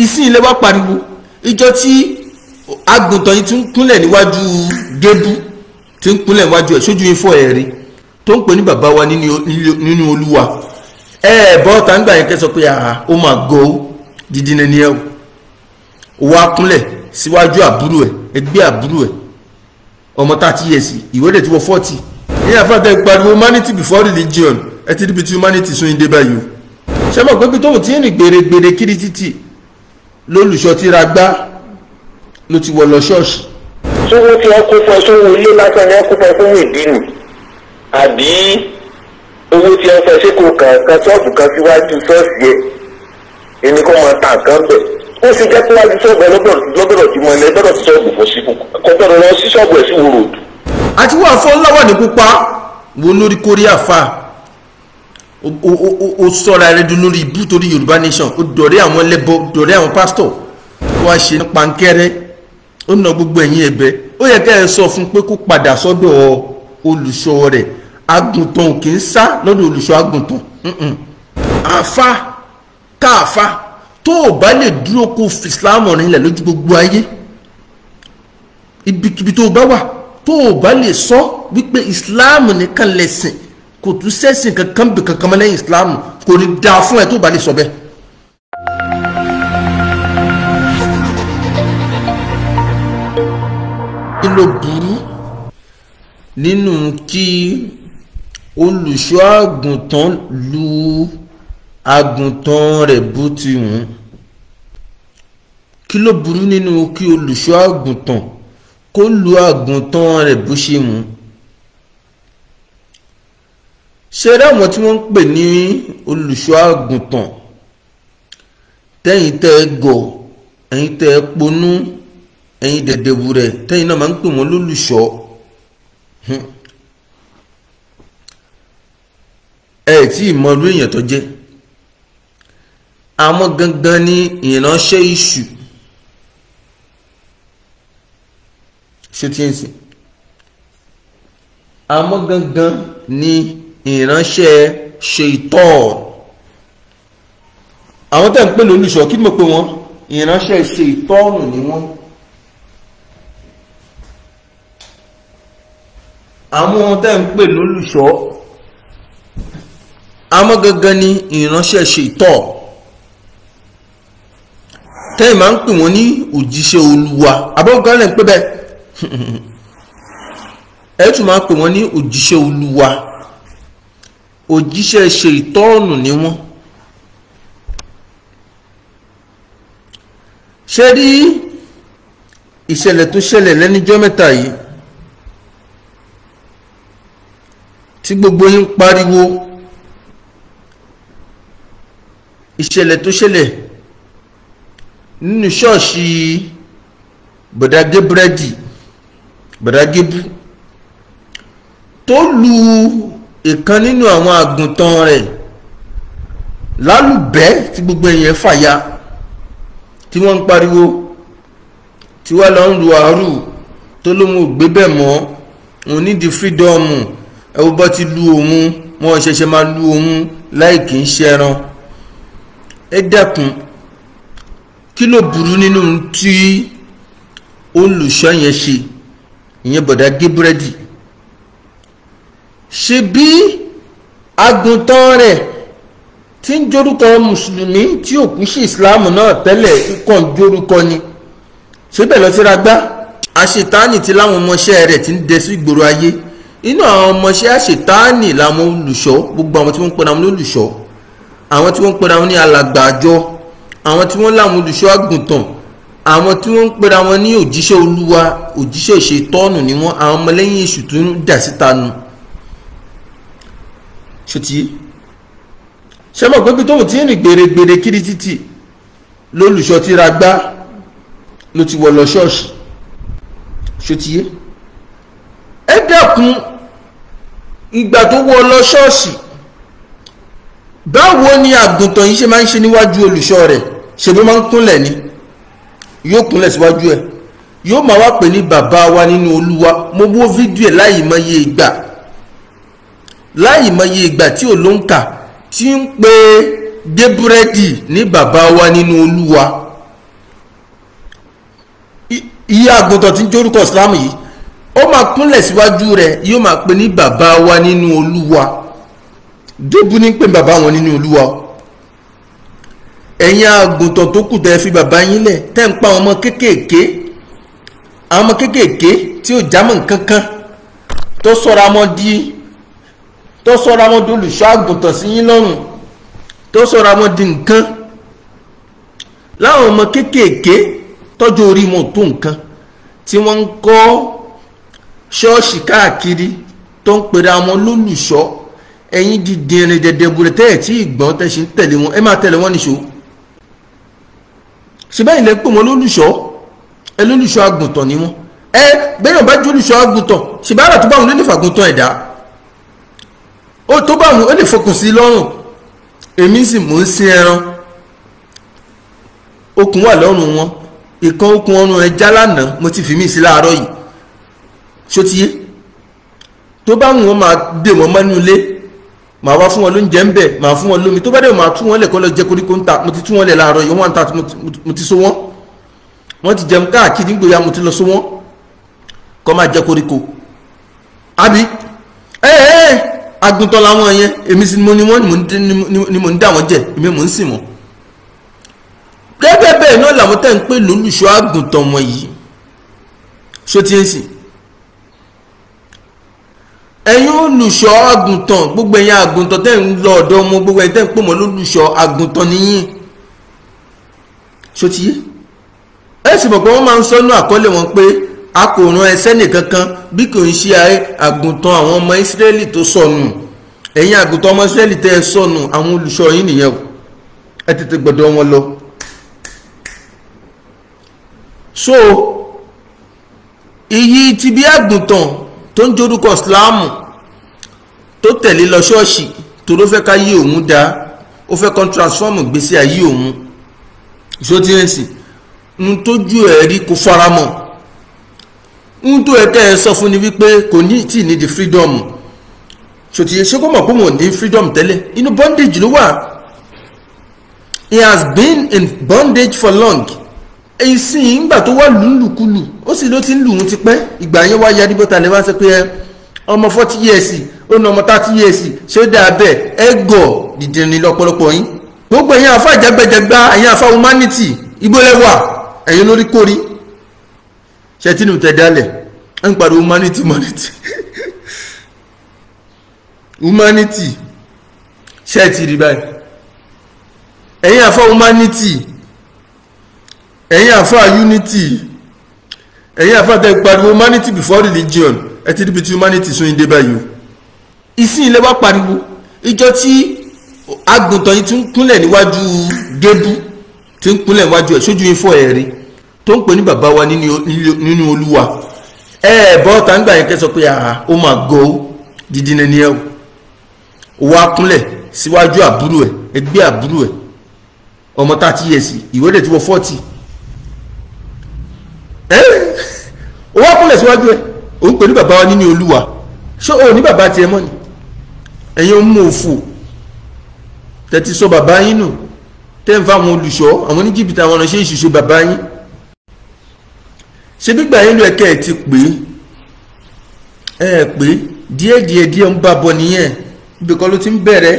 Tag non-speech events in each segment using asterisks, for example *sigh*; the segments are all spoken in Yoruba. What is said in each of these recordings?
ìsìn ilé wa pariwo ìjọ tí àgùntàn yìí ti ń kúnlẹ̀ níwájú gébú ti ń kúnlẹ̀ níwájú ẹ̀ sójú ifọ̀ ẹ̀ rí tó ń pè ní bàbá wa nínú olúwa ẹ ẹ bọ́ tàǹgbà yẹn kẹsọ pé àhà ó mà gọ́ dídí ní ẹ o wá kúnlẹ̀ síwájú àbúrò ẹ̀ ẹgbẹ́ àbúrò ẹ̀ ọmọ thirty years ìwéde tí wọ́n forty ní àfáàtẹ́ pariwo humanity before religion ẹ ti ríbi tí humanity sún yín dé báyìí o ṣé mọ̀ pé bí tóun ti ń rìn gbèrègbèrè kiri títì lólùṣọ́ tí ra gbá ló ti wọ̀ lọ ṣọ́ọ̀ṣì. sówó tí wọn kó fún ẹ sówó ilé lásán ni wọn kó fún ẹ fún ìdí nì àbí owó tí wọn fẹ́ ṣe kó kàn kan ṣọ́ọ̀bù kan síwájú ṣọ́ọ̀ṣì yẹ ẹni kó máa ta nǹkan bẹ̀ ó sì jẹ́ pé wájú ṣọ́ọ̀bù ẹ lọ́gbọ̀dọ̀ ti mọ ilẹ̀ lọ́gbọ̀dọ̀ ti ṣọ́ọ̀bù fún sí kọ́tọ́rọ̀ lọ sí ṣọ́ọ̀bù ẹ̀ sí wòrò. àti wàá fọ́ láwà ní pupa wo lórí kórìí àfa o sọra rẹ dunu rí ibú torí yorùbá nation o dọ̀rẹ́ àwọn ẹlẹ́bọ dọ̀rẹ́ àwọn pásítọ̀ wá ṣe ní pankẹ́rẹ́ ó na gbogbo ẹ̀yìn ẹ̀bẹ́ ó yẹ ká ẹ sọ fún pé kó padà sọ́dọ̀ olùṣọ́ rẹ̀ àgùntàn ò kì í sá lọ́dọ̀ olùṣọ́ àgùntàn àfa káàfa tó o bá lè dúró kó islam rìn lẹ̀ lójú gbogbo ayé ibikíbi tó o bá wà tó o bá lè sọ wípé islam nìkan lẹ̀sìn kò tún sẹ́sìn kankan bì kankan mọ́ lẹ́yìn islam kò ní dáa fún ẹ tó bá lè sọ bẹ́ẹ̀. kí ló burú nínú kí olùṣọ́ àgùntàn lu àgùntàn rẹ̀ bó ti wù ú kí ló burú nínú kí olùṣọ́ àgùntàn kó lu àgùntàn rẹ̀ bó ṣe wù ṣe ráwọn tí wọ́n ń pè ní olùṣọ́ àgùntàn tẹ́yìn tẹ́ ẹ gọ̀ ẹ̀yìn tẹ́ ẹ ponú ẹ̀yìn dẹ̀dẹ̀wù rẹ̀ tẹ́yìn náà máa ń pè wọ́n lólùṣọ́ hmm. ẹ tí ì mọ̀lú èèyàn tó jẹ́ àmọ́ gangan ni ìránṣẹ́ iṣu ṣé tí ń sìn àmọ́ gangan ni ìránṣẹ́ ṣèitọ́ọ̀n àwọn tẹ̀ ń pè lólùṣọ́ kí mo pè wọ́n ìránṣẹ́ ṣèitọ́ọ̀nù ni wọ́n àwọn tẹ́ ń pè lólùṣọ́ àmọ́ gangan ni ìránṣẹ́ ṣètọ́ tẹ́yìn máa ń pè wọ́n ní òjíṣẹ́ olúwa abọ́gán lẹ́ ń pè bẹ́ẹ̀ *laughs* ẹ̀ tún máa ń pè wọ́n ní òjíṣẹ́ olúwa òjíṣẹ́ ṣe ìtọ́ọ̀nù ni wọ́n ṣe rí ìṣẹ̀lẹ̀ tó ṣẹlẹ̀ lẹ́nijọ́ mẹ́ta yìí tí gbogbo yín pariwo ìṣẹ̀lẹ̀ tó ṣẹlẹ̀ nínú ṣọ́ọ̀ṣì bọ̀dágé búrẹ́dì tó lu ìkan nínú àwọn àgùntàn rẹ̀ lálùbẹ́ tí gbogbo èèyàn fàya tí wọ́n ń pariwo tí wọ́n lọ ń lu àárù tó ló mú gbé bẹ̀ mọ́ òun ní di fídọ́ọ̀mù ẹ̀wọ́n bọ́ ti lu òun wọ́n ṣẹ̀ṣẹ̀ máa lu òun láì kì í ṣẹran ẹ dẹ́kun kí ló burú nínú tí olùṣọ́ yẹn ṣe ìyẹn bọ̀dá gé búrẹ́dì ṣe bí àgùntàn rẹ̀ tí ń jórúkọ mùsùlùmí tí òkú sí ìsìláàmù náà tẹ́lẹ̀ kàn jórúkọ ni ṣébẹ̀ lọ síra gbá àṣetáàní ti láwọn ọmọọṣẹ́ rẹ̀ ti ń dẹ sí ìgboro ayé inú àwọn ọmọọṣẹ́ àṣetáàní làwọn olùṣọ́ gbogbo àwọn tí wọ́n ń pera wọn lólùṣọ́ àwọn tí wọ́n ń pera wọn ní alàgbà àjọ àwọn tí wọ́n láwọn olùṣọ́ àgùntàn àwọn tí wọ́n ń pera wọn ní òjíṣẹ́ olúwa òjíṣẹ́ ìṣètọ́nù ni wọ́n àwọn ọmọlẹ́yìn èṣù tó ń dà síta nu ṣùtì ṣe mọ̀ pé tó ti ń rìn gbèrègbèrè kiri títì lólùṣọ́ ti ra gbá ló ti wọ̀ lọ ṣọ́ọ̀ṣì ṣùtì ẹ dẹ́kun ìgbà tó wọ̀ lọ ṣọ́ọ̀ṣì báwo ni àgùntàn yìí ṣe máa ń ṣe níwájú olùṣọ́ rẹ̀ ṣe bó máa ń kúnlẹ̀ ni yóò kúnlẹ̀ síwájú ẹ̀ yóò máa wá pè ní bàbá wa nínú olúwa mo wo fídíò ẹ̀ láyìí mọ́ iye ìgbà láì mọye ìgbà tí olóńkà ti ń pe débúrẹ́dì ní bàbá wa nínú olúwa iye àgùntàn tí ń jórúkọ islam yìí ó máa kúnlẹ̀ síwájú rẹ̀ yóò máa pe ní bàbá wa nínú olúwa débú ní pé bàbá wọn nínú olúwa ẹ̀yin àgùntàn tó kù tẹ́ fi bàbá yín lẹ̀ tẹ́ ń pa àwọn ọmọ kéékèèké àwọn ọmọ kéékèèké tí ò jámọ́ nǹkan tó sọra mọ́ di tó sọra wọn dolùṣọ́ àgùntàn sí yín lọ́rùn tó sọra wọn di nǹkan láwọn ọmọ kéékèèké tọ́jú orí wọn tó nǹkan tí wọ́n ń kọ́ ṣọ́ọ̀ṣì káàkiri tó ń pèrè àwọn olólùṣọ́ ẹ̀yin dìde ẹ̀rìn dẹ̀dẹ̀ bùrẹ̀ tẹ́ ẹ̀ tí ìgbọ́n tẹ́ ṣe ń tẹ̀lé wọn ẹ máa tẹ̀lé wọn níṣó ṣùgbọ́n ilẹ̀ pè wọn lólùṣọ́ ẹ lólùṣọ́ àgùntàn ni wọn ẹ bẹ́ẹ̀ bá jólùṣọ́ àgùntàn ṣùgbọ́n àrà tó bá wọn lólùfàgùntàn ẹ̀dá ó tó bá mu ó lè fokùn sí lọ́rùn èmi sì mò ń sin ẹran okùn wà lọ́rùn wọn ìkan okùn ọrùn ẹ já lánàá mo ti fi mí sí láàárọ̀ yìí ṣó ti yé tó bá wù wọn máa dè wọn mọ́nú ilé màá wá fún wọn lóúnjẹ ń bẹ̀ màá fún wọn lómi tó bá dẹ̀ màá tú wọn lẹ̀ kọ́ lọ jẹ koríko ń ta mo ti tú wọn lẹ̀ láàárọ̀ yìí wọ́n ń ta mo ti so wọ́n wọ́n ti jẹun káàkiri nígbòyà mo ti lọ so wọ́n kọ́ máa jẹ koríko àbí ẹ àgùntàn làwọn yẹn èmi sì mo ni wọ́n ni mo ń dà wọ́n jẹ èmi mo ń sìn wọ́n gẹ́gẹ́ bẹ́ẹ̀ náà làwọn tẹ̀ ń pè lólùṣọ́ àgùntàn wọn yìí ṣó ti ń sìn ẹ̀yin olùṣọ́ àgùntàn gbogbo ẹ̀yin àgùntàn tẹ̀ ń lọ ọ̀dọ̀ ọmọ gbogbo ẹ̀yin tẹ̀ ń pè mọ́ lólùṣọ́ àgùntàn nìyí ṣó ti yé ẹ sì pé wọ́n máa ń sọ́nú àkọlé wọn pé a kò rán ẹsẹ́ nìkankan bí kò ń ṣe àgùntàn àwọn ọmọ ìsírẹ́lì tó sọnù ẹ̀yin àgùntàn ọmọ ìsírẹ́lì tẹ́ ẹ sọnù àwọn olùṣọ́ yín nìyẹn o ẹ tètè gbọ́dọ̀ wọn lọ. so iyì ti bí àgùntàn tó ń jorúkọ ìsìláàmù tó tẹ̀lé lọ ṣọ́ọ̀ṣì tó ló fẹ́ ká yí òun dáa ó fẹ́ kan transform gbèsè ayé òun ìṣó tí ń sìn ń tójú ẹ̀ rí kó faramọ́ ń tó ẹ̀kẹ́ ẹ sọ fún ni wípé kò ní tí ì ní di freedom ṣòtì ṣé kó mọ̀ pé wọn ò ní freedom tẹ́lẹ̀ inú bondage ló wà he has been in bondage for long ìsìn ìgbà tó wà lùlùkulù ó sì ló ti ń lù ú tipẹ́ ìgbà yẹn wá ya ní bọ́tà lẹ́wọ́n sọ pé ẹ ọmọ forty years ó ní ọmọ thirty years ṣé ó dáa bẹ́ẹ̀ ẹ gọ̀ dìdìrín lọ́pọ̀lọpọ̀ yín gbogbo ẹ̀yin àfa ìjàgbẹ́jẹgbá ẹ̀yin àfa humanity igbó lẹ́wà ẹ̀yin lórí kórí ṣẹtínú tẹ dálẹ̀ ń pariwo humanity humanity humanity ṣẹ́ẹ̀tì rí báyìí ẹ̀yin àfọ́ humanity ẹ̀yin àfọ́ unity ẹ̀yin àfọ́ tẹ pariwo humanity before religion ẹ ti ríbi tí humanity sún ìdé báyìí o ìsìn ilé wa pariwo ìjọ tí àgùntàn yìí ti ń kúnlẹ̀ níwájú gébú ti ń kúnlẹ̀ níwájú ẹ̀ sójú ifọ̀ ẹ̀ rí tó ń pè ní bàbá wa nínú olúwa ẹ ẹ bọ́ tàǹgbà yẹn kẹsọ pé àhà ó mà gọ dídí ní ẹ o wá kúnlẹ̀ síwájú àbúrò ẹ ẹgbẹ́ àbúrò ẹ ọmọ thirty years ìwé rẹ̀ ti wọ forty ẹ ó wá kúnlẹ̀ síwájú ẹ ó ń pè ní bàbá wa nínú olúwa ṣé o ní bàbá tiẹ̀ mọ́ ni ẹ̀yin ń mú òfò tẹ̀tí sọ bàbá yín nù tẹ́ ń fa àwọn olùṣọ́ àwọn oníjìbìtì àwọn ọ̀nà ṣe ìṣìṣe bàbá yín ṣe gbígbà yín ló ẹ̀kẹ́ ẹ̀ ti pè é ẹ̀ pé díẹ̀díẹ̀ díẹ̀ ń bá bọ̀ nìyẹn ibì kan ló ti ń bẹ̀rẹ̀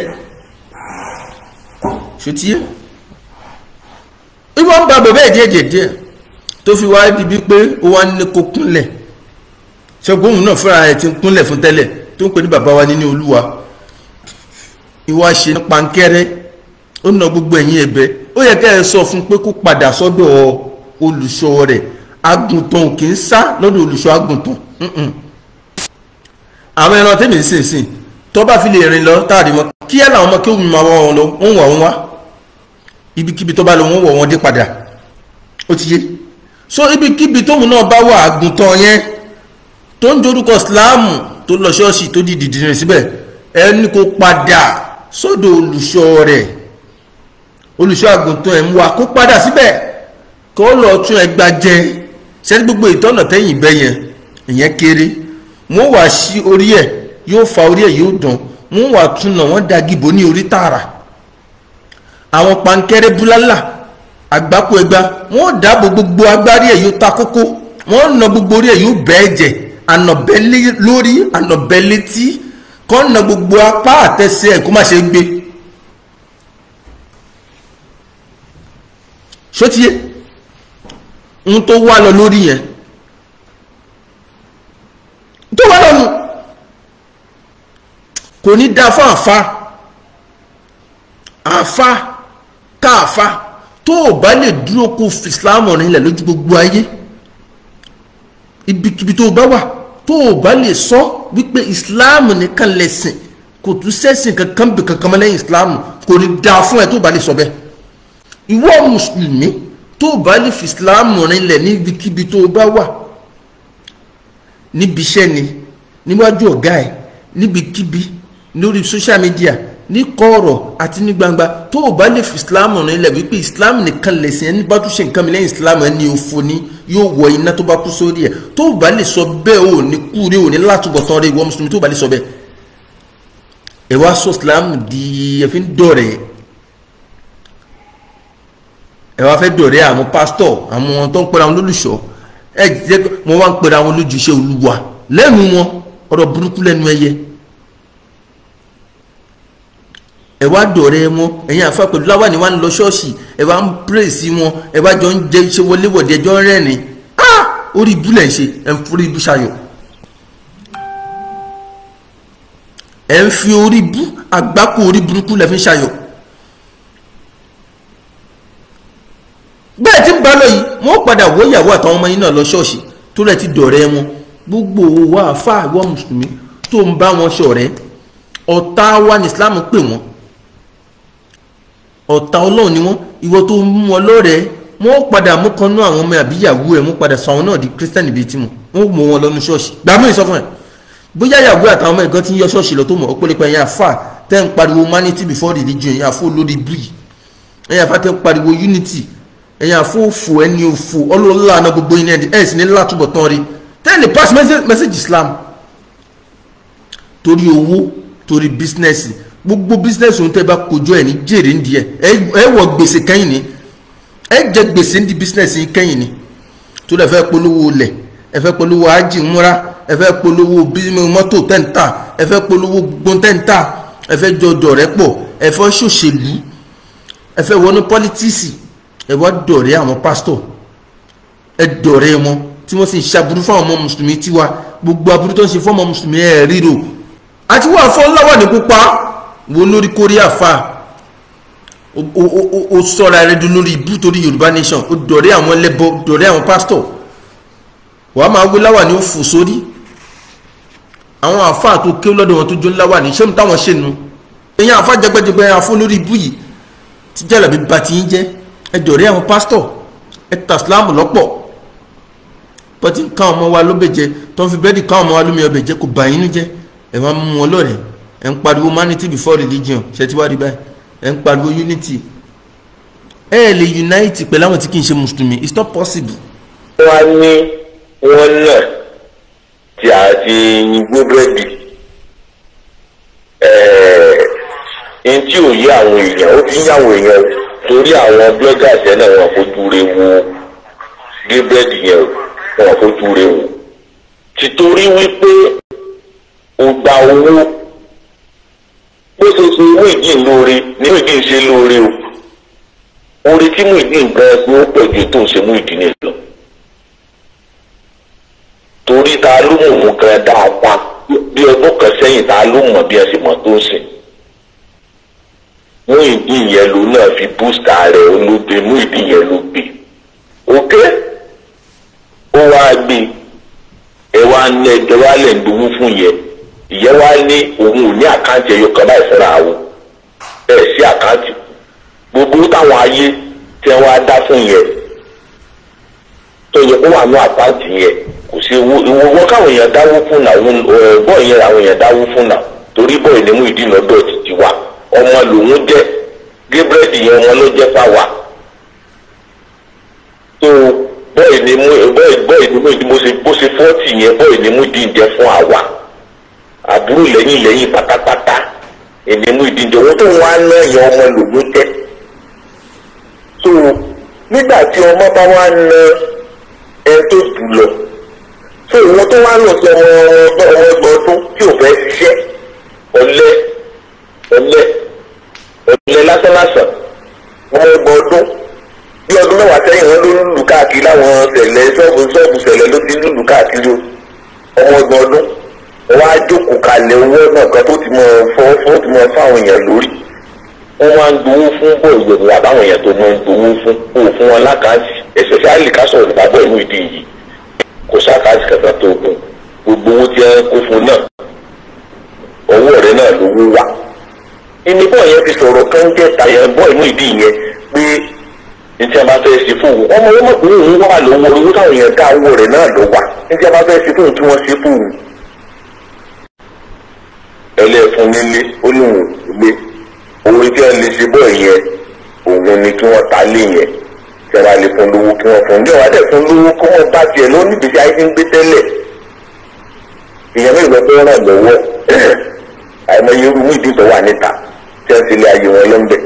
ṣòtíyé ìwọ ń ba bẹ̀bẹ̀ díẹ̀díẹ̀ díẹ̀ tó fi wá dibi pé ó wá ní kó kúnlẹ̀ ṣẹ́gun òun náà fúnra ẹ̀ ti ń kúnlẹ̀ fún tẹ́lẹ̀ tó ń pè ní bàbá wa níní olúwa ìwà ṣe ní pankẹ́rẹ́ ó na gbogbo ẹ̀yìn ẹ̀bẹ̀ ó yẹ kẹ́ ẹ sọ fún pé kó padà sọ́dọ̀ olùṣọ́ rẹ̀ àgùntàn kì í sá lọ́dọ̀ olùṣọ́ àgùntàn àwọn ẹran tèmi ń sìn sìn tó bá fi lè rìn lọ táàdì wọn kí ẹ làwọn ọmọ kí òun máa wọ wọn lọ wọn wọ wọn wá ibikíbi tó bá lọ wọn wọ wọn dé padà ó ti yé so ibikíbi tóun náà bá wà àgùntàn yẹn tó ń dorúkọ síláàmù tó lọ ṣọ́ọ̀ṣì tó di dìdì rìn síbẹ̀ ẹni kò padà sọ́dọ̀ olùṣọ́ rẹ̀ olùṣọ́ àgùntàn ẹ̀ ń wà kó padà síbẹ̀ kó lọ tún ẹgbàá jẹ ṣẹ́ni gbogbo ìtọ́nà tẹ́yìn bẹ́ yẹn ìyẹn kéré wọ́n wàá sí orí ẹ̀ yóò fa orí ẹ̀ yóò dùn wọ́n wàá tún náà wọ́n dagibò ní orí tààrà àwọn pankẹ́rẹ́ búlálà àgbákò ẹgba wọ́n dáàbò gbogbo agbárí ẹ̀ yóò ta kókó wọ́n na gbogbo orí ẹ̀ yóò bẹ́ẹ̀ jẹ̀ ànàbẹ́ lórí ànàbẹ́ létí kọ́ na gbogbo apá àtẹsẹ̀ ẹ̀ kó má ṣe gbé. sotie ń tó wá lọ lórí yẹn tó wá lọ́nu kò ní da fún àfa àfa káàfa tó o bá lè dúró kó fi islam ọ̀rìn ilẹ̀ lójú gbogbo ayé ibikíbi tó o bá wà tó o bá lè sọ wípé islam nìkan lẹ̀sìn kò tún sẹ́sìn kankan bì kankan mọ́ lẹ́yìn islam kò ní da fún ẹ tó o bá lè sọ bẹ́ẹ̀ ìwọ mùsùlùmí tó o bá lè fi islam rinlẹ̀ níbikíbi tó o bá wà níbi iṣẹ́ ni níwájú ọ̀gá ẹ̀ níbikíbi lórí social media ní kọ̀ọ̀rọ̀ àti ní gbangba tó o bá lè fi islam rinlẹ̀ wípé islam nìkan lẹ̀sìn ẹni bá tún ṣe nǹkan mi lẹ́yìn islam ẹni òfo ni yóò wọ iná tó bá kú sórí ẹ̀ tó o bá lè sọ bẹ́ẹ̀ o ní kú rí o ní látúbọ̀tán rí ìwọ mùsùlùmí tó o bá lè sọ bẹ́ẹ̀ ẹ̀ wá sọ islam di ẹ̀fín dọ̀rẹ̀ ẹ wá fẹ́ dọ̀rẹ́ àwọn pásítọ̀ àwọn ohun tó ń pera wọn lólùṣọ́ ẹ jẹ́ wọn wá ń pera wọn lójúṣe olúwa lẹ́nu wọn ọ̀rọ̀ burúkú lẹ́nu ẹyẹ ẹ wá dọ̀rẹ́ wọn ẹ̀yin àfa pẹ̀lú láwa ni wà ń lọ ṣọ́ọ̀ṣì ẹ wá ń pírèsì wọn ẹ wá jọ ń jẹ ṣe wọléwọ̀de ẹjọ́ rẹ́rìn ah orí ibú lẹ̀ ń ṣe ẹ̀ ń forí ibú ṣayọ̀ ẹ̀ ń fi orí ibú àgbákò orí burúkú lẹ̀ fi ń ṣayọ̀ bẹ́ẹ̀ tí ń bá lọ yìí wọ́n padà wọ́ ìyàwó àtàwọn ọmọ yín náà lọ ṣọ́ọ̀ṣì tó rẹ̀ ti dọ̀rẹ́ wọn gbogbo wa àfa àwọn mùsùlùmí tó ń bá wọn ṣọ̀rẹ́ ọ̀tá wa ní Islam pè wọ́n ọ̀tá ọlọ́run ni wọ́n ìwọ tó ń mú wọn lọ́rẹ̀ẹ́ wọ́n padà mú kan náà àwọn ọmọ àbíyàwó ẹ̀ wọ́n padà sọ àwọn náà di kírísítẹ́nì bíi tìmọ̀ wọ́n mú wọn lọ́nu ṣọ́ọ̀ṣì gbàmú ìsọfún ẹ̀ bóyá ìyàwó àtàwọn ọmọ ẹ̀gán ti ń yọ ṣọ́ọ̀ṣì lọ tó mọ̀ ọ̀pọ̀lọpọ̀ ẹ̀yà fà tẹ́ ń pariwo humanity before religion ẹ̀yà fò lórí bíi ẹ̀yà fà tẹ́ ń pariwo unity ẹ̀yin àfóòfò ẹni òfò ọlọ́lá náà gbogbo yín ẹni ẹ̀ sì ní látúbọ̀ tán rí tẹ́lẹ̀ pass message Islam torí owó torí business gbogbo business òun tẹ́ bá kojọ́ ẹ̀ ní jèrè ń di ẹ̀ ẹ̀ wọ gbèsè kẹ́yìn ni ẹ̀ jẹ gbèsè ń di bísínẹ́sì kẹ́yìn ni torí ẹ̀ fẹ́ polówó lẹ̀ ẹ̀ fẹ́ polówó ájì múra ẹ̀ fẹ́ polówó mọ́tò tẹ́ǹtà ẹ̀ fẹ́ polówó gbọ́n tẹ́ǹtà ẹ̀ fẹ́ jọjọ rẹ̀ pọ̀ ẹ̀ fẹ́ ṣòṣèlú ẹ̀ fẹ́ wọnú pọ́lítíìsì ẹ wá dọ̀rẹ́ àwọn pásítọ̀ ẹ dọ̀rẹ́ wọn tí wọ́n sì ń ṣàbùrú fáwọn ọmọ mùsùlùmí tiwa gbogbo aburú tó ń ṣe fọ́mọ mùsùlùmí ẹ̀ ríro àti wọ́n afọ́láwà ní pupa wo lórí kórí àfa o sọ̀rọ̀ ààrẹ dùn lórí ibú torí yorùbá nation o dọ̀rẹ́ àwọn ẹlẹ́bọ dọ̀rẹ́ àwọn pásítọ̀ wàá máa wé láwà ní òfò sórí àwọn àfa tó kéwọ́ lọ́dọ̀ wọn tó jó láwà ní ṣé mi táwọn ṣe nu èèyàn àfa jẹgbẹjẹgbẹ afọ lórí ibú yìí ti jẹ́ làbí bàtí yín jẹ́ ẹ jọ̀rẹ́ àwọn pásítọ̀ ẹ ta síláàmù lọ́pọ̀ pọ́tí ká ọmọ wa ló bèjẹ tó ń fi bẹ́ẹ̀dì ká ọmọ wa lómi ọbẹ̀ jẹ́ kò bà yín jẹ́ ẹ wá mú wọn lọ́rẹ̀ ẹ ń pariwo humanity before religion ṣe ti wá rí báyìí ẹ ń pariwo unity ẹ lè unite pẹ̀lú àwọn tí kì í ṣe mùsùlùmí it's not possible. wọ́n á ní wọ́n náà tí a fi yìnbó búrẹ́dì ẹ̀ẹ́n tí ò yé àwọn èèyàn ó fi ń yàwọn èèyàn torí àwọn bloggers yẹn náà wọn fojú re wo gilbred yẹn o wọn fojú re wo tìtorí wípé o gba owó bó ṣe ṣe owó ìdín lóore ní ìdín ṣe lóore o orí tí mú ìdín gan ni ó pẹ̀ ju tó ń ṣe mú ìdín ní lọ torí ta ló mọ̀ mú gan dáa pa bí ọdún kan sẹ́yìn ta ló mọ̀ bí ẹ sì mọ̀ tó ń sìn. Muyideen yẹn ló náà fi bústa búùsítà rẹ̀ olóògbé Muyideen yẹn ló gbé ok ó wáá gbé ẹ wá ní ẹjọ́ wá lẹ̀ ń dowó fún yẹn ìyẹn wá ní òun ò ní àkáǹtì ẹyọ kan báyìí fúnra o ẹ sí àkáǹtì gbogbo táwọn ayé tí wá dá fún yẹn tó yẹ kó wà ní àkáǹtì yẹn kò sí ìwọ káwọn èèyàn dáwó fún náà bọ́ọ̀ yẹn làwọn èèyàn dáwó fún náà torí bọ́ọ̀ ni Muyideen lọ́dọ̀ ọmọ lòún jẹ gébúrẹ́dì yẹn ọmọ ló jẹ fáwa tó bọ́ọ̀ ni mú bọ́ọ̀ ni mú bó ṣe bó ṣe fọ́ọ̀tì yẹn bọ́ọ̀ ni mú díjẹ fún àwa àbúrò lẹ́yìn lẹ́yìn pátápátá èmi mú ìdíje owó tó wá ná ẹ̀yàn ọmọ lòún jẹ tó nígbà tí ọmọ bá wá ná ẹ tó jù lọ tó ìwọ tó wá lọ sí ọmọ ọmọ ọmọ ọdún tí ò fẹ́ ṣiṣẹ́ ọlẹ́ olè olè lásánlásán wọn gbọ ọdún bí ọdún mẹ́wàá sẹ́yìn wọn ló lùlù káàkiri láwọn tẹ̀lẹ̀ sọ́ọ̀bù sọ́ọ̀bù tẹ̀lẹ̀ ló ti lùlù káàkiri o ọmọ ọgbọ̀n ọdún wọn á jókòó kalẹ̀ owó náà kan tó ti mọ fọwọ́ fún ti mọ fáwọn èèyàn lórí wọn máa ń gbowó fún bọ́ ìyẹ̀wò àbáwọn èèyàn tó máa ń gbowó fún kó fún wọn lákàtì ẹ̀sẹ̀ sáàlì ká sọ̀rọ̀ nípa bọ́ ìlú ìdí yìí kò sáàkàtì kankan tó gbogbo owó tí wọn kó fún náà ọwọ́ rẹ̀ náà ló wó ẹni bọ́ọ̀ yẹn fi sọ̀rọ̀ kan jẹ́ tàyẹ̀ bọ́ inú ìdí yẹn pé ntí a bá fẹ́ ṣe fún òun ọmọ wọn mọ̀ òun wà lówó owó táwọn èèyàn dá owó rẹ̀ náà ló wà ntí a bá fẹ́ ṣe fún òun kí wọ́n ṣe fún òun. ẹlẹ́fun nílé ó lóun gbé owó tí wọ́n lè ṣe bọ́ọ̀ yẹn òun ni kí wọ́n ta lé yẹn tí a bá lè fún lówó kí wọ́n fún un. ìjọba dẹ̀ fún lówó kí wọ́n bá tiẹ̀ lónìí ìgbésí ayé ti ń gbé tẹ́lẹ̀ ìyẹn mẹ́rin lọ́pẹ́ wọn náà lọ́wọ́ *clears throat* àìmọye irú ìdí tó wà níta tí wọ́n ti lé ayé wọn lọ́nbẹ̀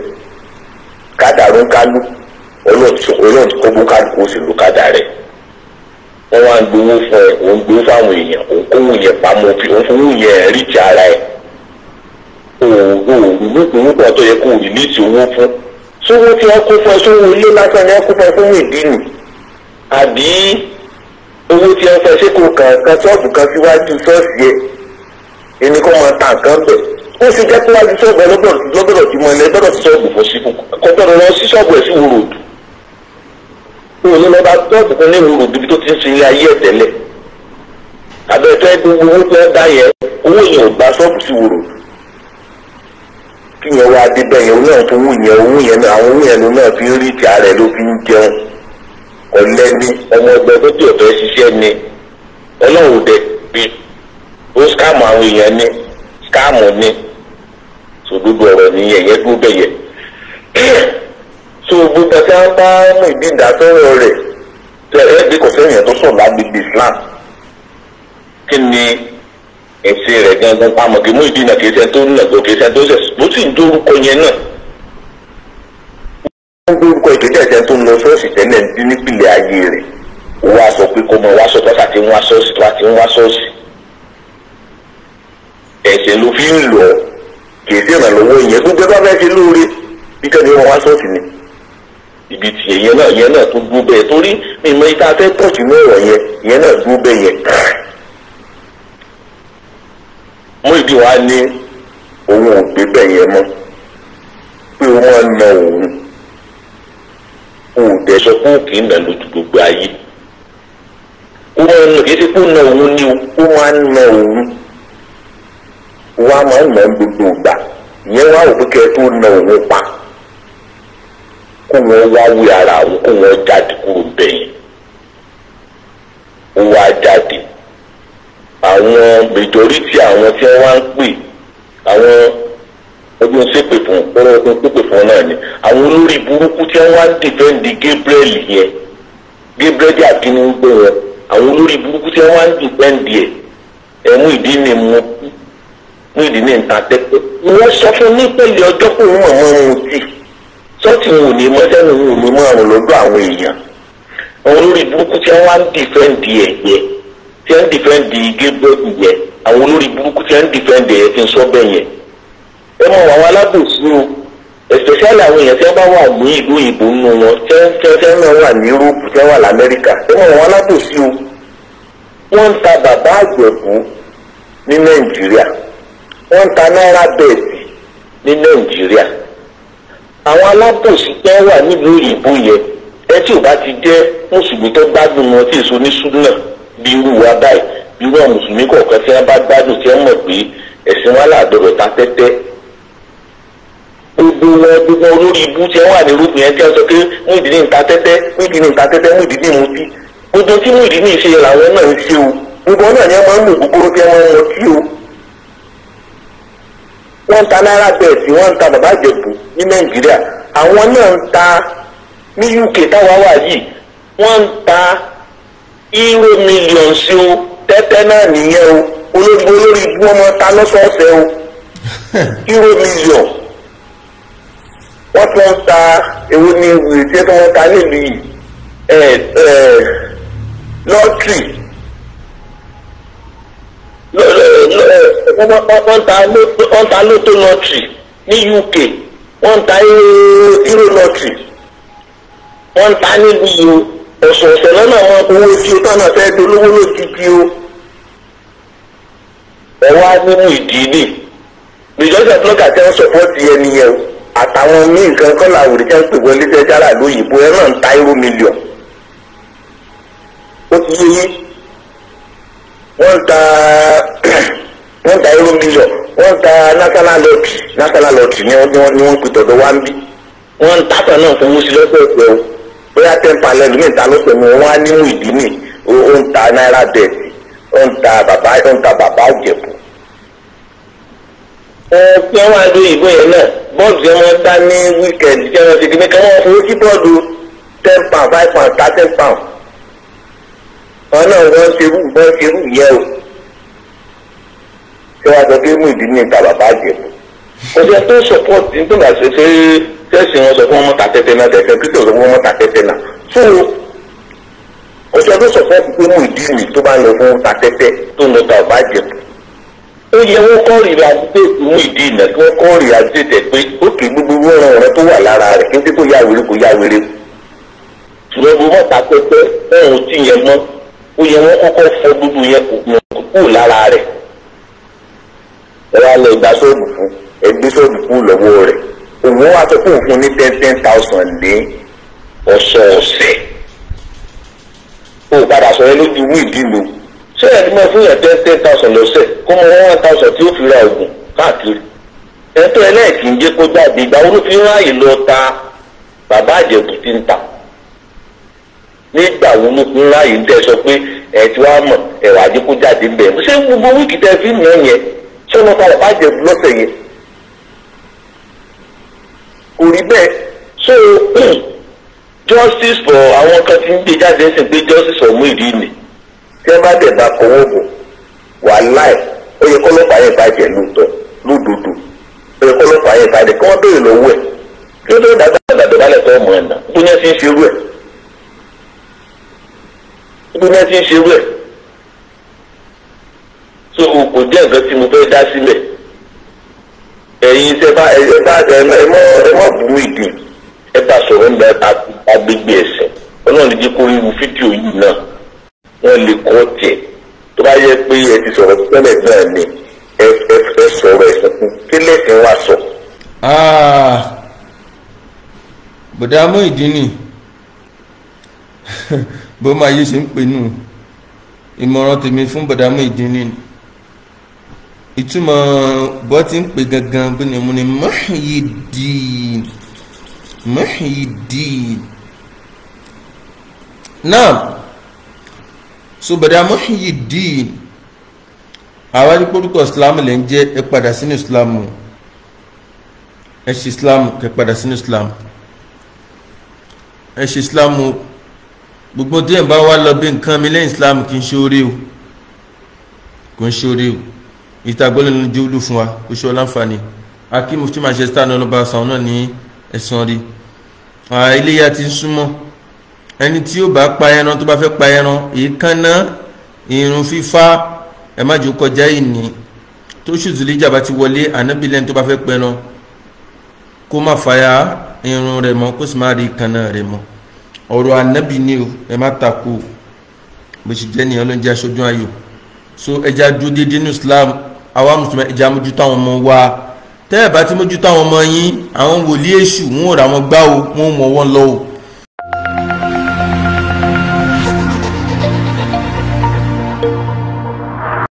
kádàrú ń kálú olóòtú kó bú kálukú sì lu kádà rẹ̀ wọ́n wá ń gbowó fún ẹ òun gbowó fáwọn èèyàn òun kówó yẹn pamọ́ fi òun fowó yẹn ríjì ara ẹ̀ òògùn òògùn kan tó yẹ kó o rìlíìtì owó fún sówó tí wọ́n kó fún ẹ sówó ilé lásán ni wọ́n kó fún ẹ fún ìdí nì àbí owó tí wọ́n fẹ́ ṣé kò kàn kan ṣọ́ọ̀bù kan síwájú ṣọ́ọ̀ṣì yẹ ẹni kó máa tà nǹkan bẹ̀ ó ṣe jẹ́ pé wájú sọ́ọ̀bù ẹ lọ́gbọ̀dọ̀ ti mọ ẹ lọ́gbọ̀dọ̀ ti sọ́ọ̀bù fún síbù kọ́gbọ̀dọ̀ lọ sí sọ́ọ̀bù ẹ sí wúrò òdù òun ni lọ́ba tọ́ọ̀bù kan ní wúrò òdù bí tó ti ń sinmi ayé ẹ̀ tẹ́lẹ̀ àbẹ̀tọ́ ẹ gbogbo owó tó ẹ dá yẹ owó yẹn ò gba sọ́ọ̀bù sí wúrò kí yẹn wá dé bẹ́ẹ̀ yẹn náà fowó yẹn owó yẹn náà àwọn owó yẹn ló náà fi ń rí ti ààrẹ ló fi ń jẹun ọ̀lẹ́ni ọmọ ẹgbẹ́ tó ti ọ̀fẹ́ ṣiṣẹ́ so gbogbo ọ̀rọ̀ nìyẹn yẹn dúró bẹyẹ so gbogbo ẹsẹ apá mú ìdí ìdásọ̀rọ̀ rẹ̀ tó ẹ gbé kọsẹ yẹn tó sọ lágbègbè Islam kí ni èsì rẹ̀ gangan pamọ́ kí mú ìdí náà kì í ṣe tó ń nàgbọ kì í ṣe tó ṣe bó sì ń dórúkọ yẹn náà wọ́n dórúkọ ìkéde ẹ̀jẹ̀ tó ń lọ ṣọ́ọ̀ṣì tẹ́lẹ̀ ń dín nípìnlẹ̀ ayé rẹ̀ ó wá sọ pé kó mọ wá sọ pátá tí ń wá ṣọ́ọ̀ṣì tó bá ń wá ṣọ́ọ̀ṣì ẹ̀sìn ló fi ń lọ kèsì ìrànlọ́wọ́ ìyẹn iye ẹ bá fẹ́ lóore bíkẹ́ ni wọ́n wá ibi ìyẹn náà ìyẹn náà tó bẹ́ẹ̀ torí ìta fẹ́ yẹn ìyẹn náà wa ní òun ò gbé bẹ́ẹ̀ yẹn mọ́ pé na òun dẹ̀ sọ pé ó kì í nà lójú gbogbo ayé máa ti kó na òun ni máa òun. wọ́n á máa ń nà ń gbogbo ìgbà ìyẹn wá òfin kẹ́ ẹ tó na òun pa kó wọ́n wá wí ara àwọn kó wọ́n jáde kúrò bẹ́yìn ó wá jáde àwọn majority àwọn tí wọ́n wá ń pè àwọn ojú ń ṣépè fún ọ̀rọ̀ ojú ń pèpè fún náà ni àwọn olórí burúkú tí wọ́n wá ń dìfẹ́ǹdì Gabriel yẹn Gabriel àbínú ń gbé wọn àwọn olórí burúkú tí wọ́n wá ń dìfẹ́ǹdì ẹ̀ ẹ̀mú ìdí ni mu ní ìdí ní ìta tẹ́tẹ́ wọ́n sọ fún ní pẹ̀lẹ́ ọjọ́ kó wọ́n mọ ohun tí sọ́ọ̀tì wò ní mọ́sẹ́nu wò ní àwọn lọ́dọ̀ àwọn èèyàn àwọn olórí burúkú tí wọ́n á ń tí ń ìyẹ àwọn olórí burúkú tí ń o especially àwọn èèyàn tí bá wà ìlú òyìnbó nù wọn tí wà ní Europe tí wọ́n ń ta náírà bẹ́ẹ̀sì ní nàìjíríà àwọn alábòsí tẹ́ wà nílùú òyìnbó yẹn ẹ ò bá ti jẹ́ mùsùlùmí tó gbádùn wọn tí èso ní súnà bí irú wa báyìí bí wọn mùsùlùmí kọ̀ọ̀kan tí wọ́n bá gbádùn tí wọ́n mọ̀ pé ẹ̀sìn wọn làdọ̀rọ̀ ta tẹ́tẹ́ gbogbo wọn gbogbo olórí ibú tí wọ́n wà ní rúbù yẹn tí wọ́n sọ pé wọ́n ìdí ní ìta tẹ́tẹ́ wọ́n ìdí ní ìta tẹ́tẹ́ wọ́n ìdí ní ìmutí gbogbo tí wọ́n ìdí ní ìṣe làwọn náà ń ṣe o gbogbo náà ni wọ́n máa ń lò gbogbo wọ́n ń ta náírà bẹ́ẹ̀sì wọ́n ń ta bàbá ìjẹ̀bù ní nàìjíríà àwọn náà ń ta ní uk táwa wà yìí wọ́n ń ta euro million sí o tẹ́tẹ́ náà nìyẹn o olórí olórí bí wọ́n máa ta lọ́sọ̀ọ̀sẹ̀ o *laughs* euro million wọ́n tún ń ta èwo ni ìwé tí wọ́n ta nílùú yìí lọ́tìrì wọ́n ta lótó lọ́tì ní UK wọ́n ta euro lọ́tì wọ́n ta níbi o ọ̀sọ̀ọ̀sẹ̀ lọ́nà wọn owó tí o tọ́nà fẹ́ dolówó lójijì o ẹ̀wá nínú ìdí ni bìjọ́sẹ̀ blọ́kà tẹ́ ń sọ̀pọ́tì ẹni yẹn o àtàwọn míì nǹkan kọ́là àwòrán pè wọlé fẹ́ jára lóyìnbó ẹ náà ń ta euro million ó ti yé yín wọ́n ta wọ́n *coughs* ta euro million wọ́n ta national lottery national lottery ni wọ́n ni wọ́n pètò ọ̀dọ̀ wá ń bí wọ́n ta tán náà fún wúsí lọ́sọ̀ọ̀sẹ̀ o bóyá ten palẹ̀ lómi ta lọ́sẹ̀ mu wọ́n á níwò ìdí nì ó ń ta náírà debt ó ń ta bàbá ó ń ta bàbá òjẹ̀bù. ẹ pé wọn á lo ìbò yẹn náà bọ́ọ̀dù yẹn wọ́n ta ní wíkẹ̀ndì jẹ́ wọn ti di mẹ́kẹ́ wọ́n fowó sí bọ́ọ̀dù ten pound five pound thirty pound wọn náà wọ́n ṣerú wọ́n ṣerú yẹ o ṣé wàá sọ pé mú ìdí ní ìta bàbá àjẹbù kò jẹ́ tó support nígbà ṣe ṣe tẹ́sí wọn sọ fún ọmọ tàtẹ́tẹ́ náà tẹ̀sẹ̀ kristu sọ fún ọmọ tàtẹ́tẹ́ náà so ọjọ́ tó support pé mú ìdí tó bá lọ fún tàtẹ́tẹ́ tó lọ ta bàbá àjẹbù ó yẹ wọ́n kọ́ rira pé mú ìdí ìnà kí wọ́n kọ́ rira jẹ́jẹ́ pé ó kì í gbogbo ọ̀rọ̀ ọ̀rọ̀ tó wà lára rẹ̀ kí n tí kò yá wèrè kò yá wèrè ṣùgbọ́n mo mọ̀ tàtẹ́tẹ́ ọ̀hún ti yẹ mọ́ ó yẹ wọ́n kọ́kọ́ fọ dúdú yẹn kúkú lára rẹ̀ wọ́n lọ gba sóòdù fún ẹgbẹ́ sóòdù fún lọ́wọ́ rẹ̀ òun wá sọ pé òun fún ní ten ten thousand ní ọ̀sọ̀ọ̀sẹ̀ o padà sọ yẹn lójú wíìlì lò ṣé ẹ̀ ti máa fún yẹn ten ten thousand lọ́sẹ̀ kó mọ one thousand tí ó fi ra oògùn káàkiri ẹ̀tọ́ ẹlẹ́ẹ̀kì ń jẹ́ kó jáde ìgbà wo ló fi ń ráàyè lọ ta bàbá àjẹ̀bù ti ń ta nígbà wo ló pín ráàyè tẹ sọ pé ẹ ti wá mọ̀ ẹ̀rọ ajé kó jáde bẹ̀ ṣé gbogbo wíìkì tẹ fi mọ̀ yẹn ṣé ọmọ padà bá jẹ lọ́sẹ̀ yẹn kò rí bẹ́ẹ̀ so justice for àwọn kan ti ń gbé jáde ń sìn pé justice for Muyideen tí ẹ bá dẹ̀ bá kọ́wọ́ bò wàláì ó yẹ kọ́lọ́pàá yẹn bá jẹ lóòótọ́ lódodo ó yẹ kọ́lọ́pàá yẹn bá dẹ̀ kọ́ bẹ́ẹ̀ lọ́wọ́ ẹ̀ kí ó tó dàgbà dàgbà dàgbà lẹ̀ tọ́ ọmọ ẹ̀ náà kúnyẹ́ fi ń fi ẹ̀ ibi náà ti ń ṣe wẹ̀ so kò jẹ́ nǹkan tí mo fẹ́ dá sílẹ̀ ẹ̀yin ṣe bá ẹ bá ẹ mọ ẹ mọ burú ìdùn ẹ bá sọ̀rọ̀ nígbà agbègbè ẹ̀sìn ọlọ́run lè jẹ́ kó ríru fídíò yìí náà wọ́n lè kọ́ tiẹ̀ tó bá yẹ pé ẹ ti sọ̀rọ̀ tẹ́lẹ̀ náà ni ẹ ẹ sọ̀rọ̀ ẹ̀sìn fún tẹ́lẹ̀ tí wọ́n á sọ. bùdá mú ìdí nì bó máa yé ṣe ń pè nù ìmọ̀ràn tèmi fún bọ̀dámù ìdíní ìtumọ̀ bọ́ ti ń pè gangan bí ni mo ní Muhyiddin Muhyiddin náà so bọ̀dá Muhyiddin àwọn adúgbòdúkọ̀ islam lè ń jẹ́ ẹ padà sínú islam ẹ ṣe islam kẹ padà sínú islam ẹ ṣe islam. islam gbogbo tí ẹ̀ bá wá lọ bí nǹkan mi lẹ́yìn islam kì í ṣe oore o kò ń ṣe oore o ìta gbọ́dọ̀ ní júlù fún wa kò ṣe ọláǹfààní akim mufti manchester ní ọlọ́ba sàwọn náà ní ẹ̀sán rí iléyà ti ń súnmọ́ ẹni tí yóò bá pa ẹran tó bá fẹ́ pa ẹran èékánná irun fífá ẹ má jò kọjá ìní tó ṣùzùlí jàbá ti wọlé ànábìlẹ́ni tó bá fẹ́ pẹran kó má fàyà irun rẹ̀ mọ́ kó sì má rí ìkànnà rẹ̀ mọ́ ọ̀rọ̀ ànábì ni o ẹ má takò bó ṣe jẹ́ nìyẹn ló aṣojú ayò so ẹja dúró déédéé ní Islam àwa mùsùlùmí ẹja mójútó àwọn ọmọ wa tẹ́ ẹ̀ bá ti mójútó àwọn ọmọ yín àwọn wòlíì èṣù wọn ò rà wọn gbá o wọn ò mọ̀ wọn lọ o.